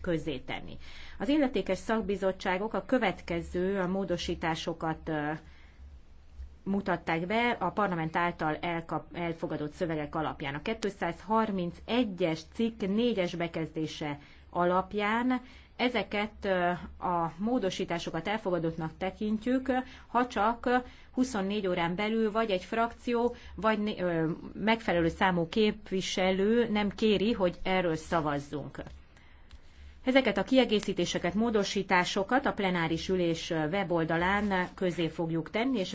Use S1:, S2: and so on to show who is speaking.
S1: közzétenni. Az illetékes szakbizottságok a következő a módosításokat mutatták be a parlament által elkap, elfogadott szövegek alapján. A 231-es cikk 4-es bekezdése alapján ezeket a módosításokat elfogadottnak tekintjük, ha csak 24 órán belül vagy egy frakció, vagy megfelelő számú képviselő nem kéri, hogy erről szavazzunk. Ezeket a kiegészítéseket, módosításokat a plenáris ülés weboldalán
S2: közé fogjuk tenni, és